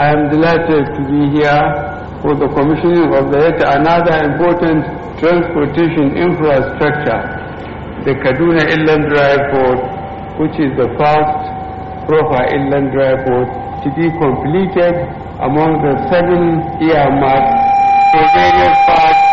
I am delighted to be here for the commissioning of the yet another important transportation infrastructure, the Kaduna Inland Drive Port, which is the first proper inland drive port to be completed among the seven earmarks for various parts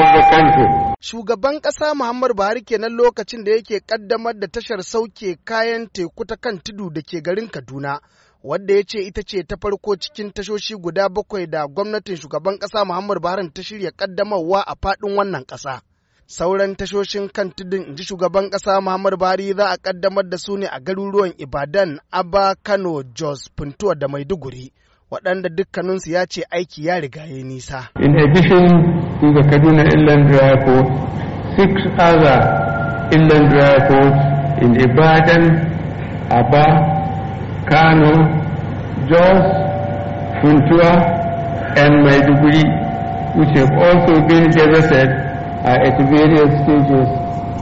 of the country. shugaban ƙasa Muhammadu Buhari kenan lokacin da yake ƙaddamar da tashar sauke kayan teku ta kan tudu da ke garin Kaduna wadda ya ce ita ce ta farko cikin tashoshi guda bakwai da gwamnatin shugaban ƙasa Muhammadu Buhari ta shirya ƙaddamarwa a faɗin wannan ƙasa. Sauran tashoshin kan tudun inji shugaban ƙasa Muhammadu Buhari za a ƙaddamar da su ne a garuruwan Ibadan, Aba, Kano, Jos, Puntuwa da Maiduguri. waɗanda dukkaninsu ya ce aiki ya riga ya nisa. In addition Kaduna Inland Dry Port, other inland dry in Ibadan, Aba, kano jos funtua and maiduguri which have also been gazetted uh, at various stages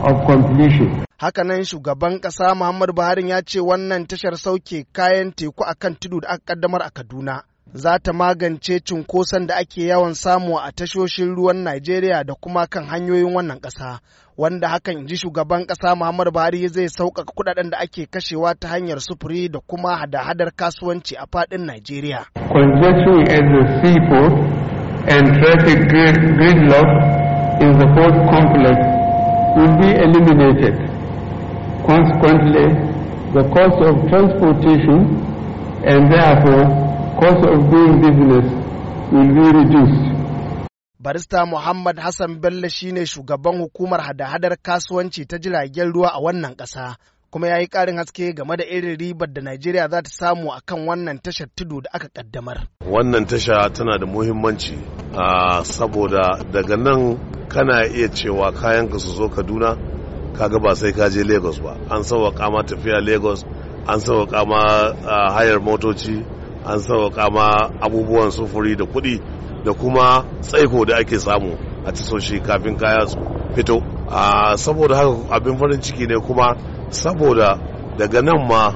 of completion Hakanan shugaban ƙasa Muhammadu Buhari ya ce wannan tashar sauke kayan teku akan tudu da aka kaddamar a Kaduna za ta magance cunkoson da ake yawan samu a tashoshin ruwan Najeriya da kuma kan hanyoyin wannan ƙasa, wanda hakan ji shugaban ƙasa Muhammadu Buhari zai sauƙaƙa kuɗaɗen da ake kashewa ta hanyar sufuri da kuma hada-hadar kasuwanci a faɗin Najeriya. Congestion at the seaport and traffic gridlock in the port complex will be eliminated. Consequently, the cost of transportation and therefore cost of doing business will be reduced. Barista Muhammad Hassan Bello shine shugaban hukumar hada-hadar kasuwanci ta jiragen ruwa a wannan ƙasa. kuma ya yi ƙarin haske game da irin ribar da Najeriya za ta samu a kan wannan tashar tudu da aka ƙaddamar. Wannan tasha tana da muhimmanci saboda daga nan kana iya cewa kayan ka su zo Kaduna kaga ba sai ka je Lagos ba. An sauwaƙa ma tafiya Lagos, an sauwaƙa ma hayar motoci, an sauƙa ma abubuwan sufuri da kuɗi da kuma tsaiko da ake samu a tisoshi kafin kaya su fito saboda haka abin farin ciki ne kuma saboda daga nan ma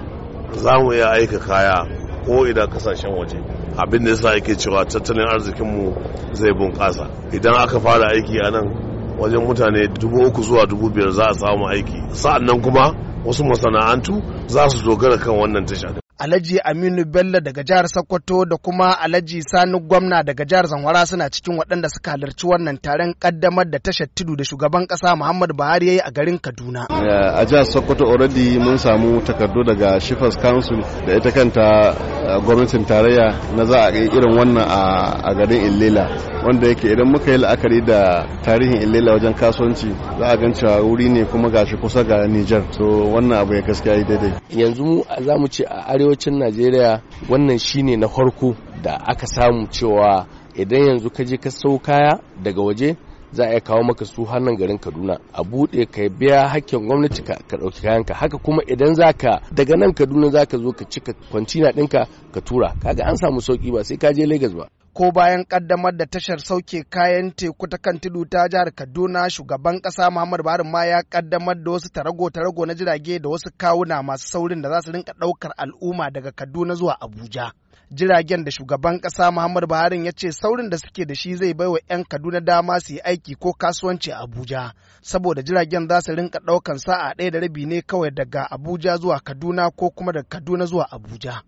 za mu iya aika kaya ko idan kasashen waje abin da yasa ake cewa tattalin arzikinmu zai bunƙasa idan aka fara aiki a nan wajen mutane dubu uku zuwa dubu biyar za a samu aiki sa'an nan kuma wasu masana'antu za su dogara kan wannan tasha Alhaji Aminu Bello daga jihar Sokoto da kuma Alhaji Sani Gwamna daga jihar Zamfara suna cikin waɗanda suka halarci wannan taron kaddamar da tashar tudu da shugaban ƙasa Muhammadu Buhari yayi a garin Kaduna. A jihar Sokoto already mun samu takardu daga Shifas Council da ita kanta uh, gwamnatin tarayya na za a yi irin wannan a garin Illela wanda yake idan muka yi la'akari da tarihin Ilela wajen kasuwanci za a gan cewa wuri ne kuma gashi kusa ga Niger so wannan abu ya gaskiya daidai. Yanzu mu za mu ce a arewa arewacin najeriya wannan shine na farko da aka samu cewa idan yanzu ka je ka sau kaya daga waje za a kawo maka su hannun garin kaduna a bude ka biya hakkin gwamnati ka ɗauki kayanka haka kuma idan za ka daga nan kaduna za ka zo ka cika na ɗinka ka tura kaga an samu sauƙi ba sai ka je Legas ba ko bayan kaddamar da tashar sauke kayan teku ta kan tudu ta jihar kaduna shugaban kasa muhammadu buhari ma ya kaddamar da wasu tarago-tarago na jirage da wasu kawuna masu saurin da za su rinka daukar al'umma daga kaduna zuwa abuja jiragen da shugaban kasa muhammadu buhari ya ce saurin da suke da shi zai baiwa 'yan kaduna dama su yi aiki ko kasuwanci a abuja saboda jiragen za su rinka daukan sa'a ɗaya da rabi ne kawai daga abuja zuwa kaduna ko kuma daga kaduna zuwa abuja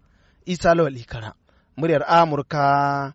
isa lawal ikara muryar amurka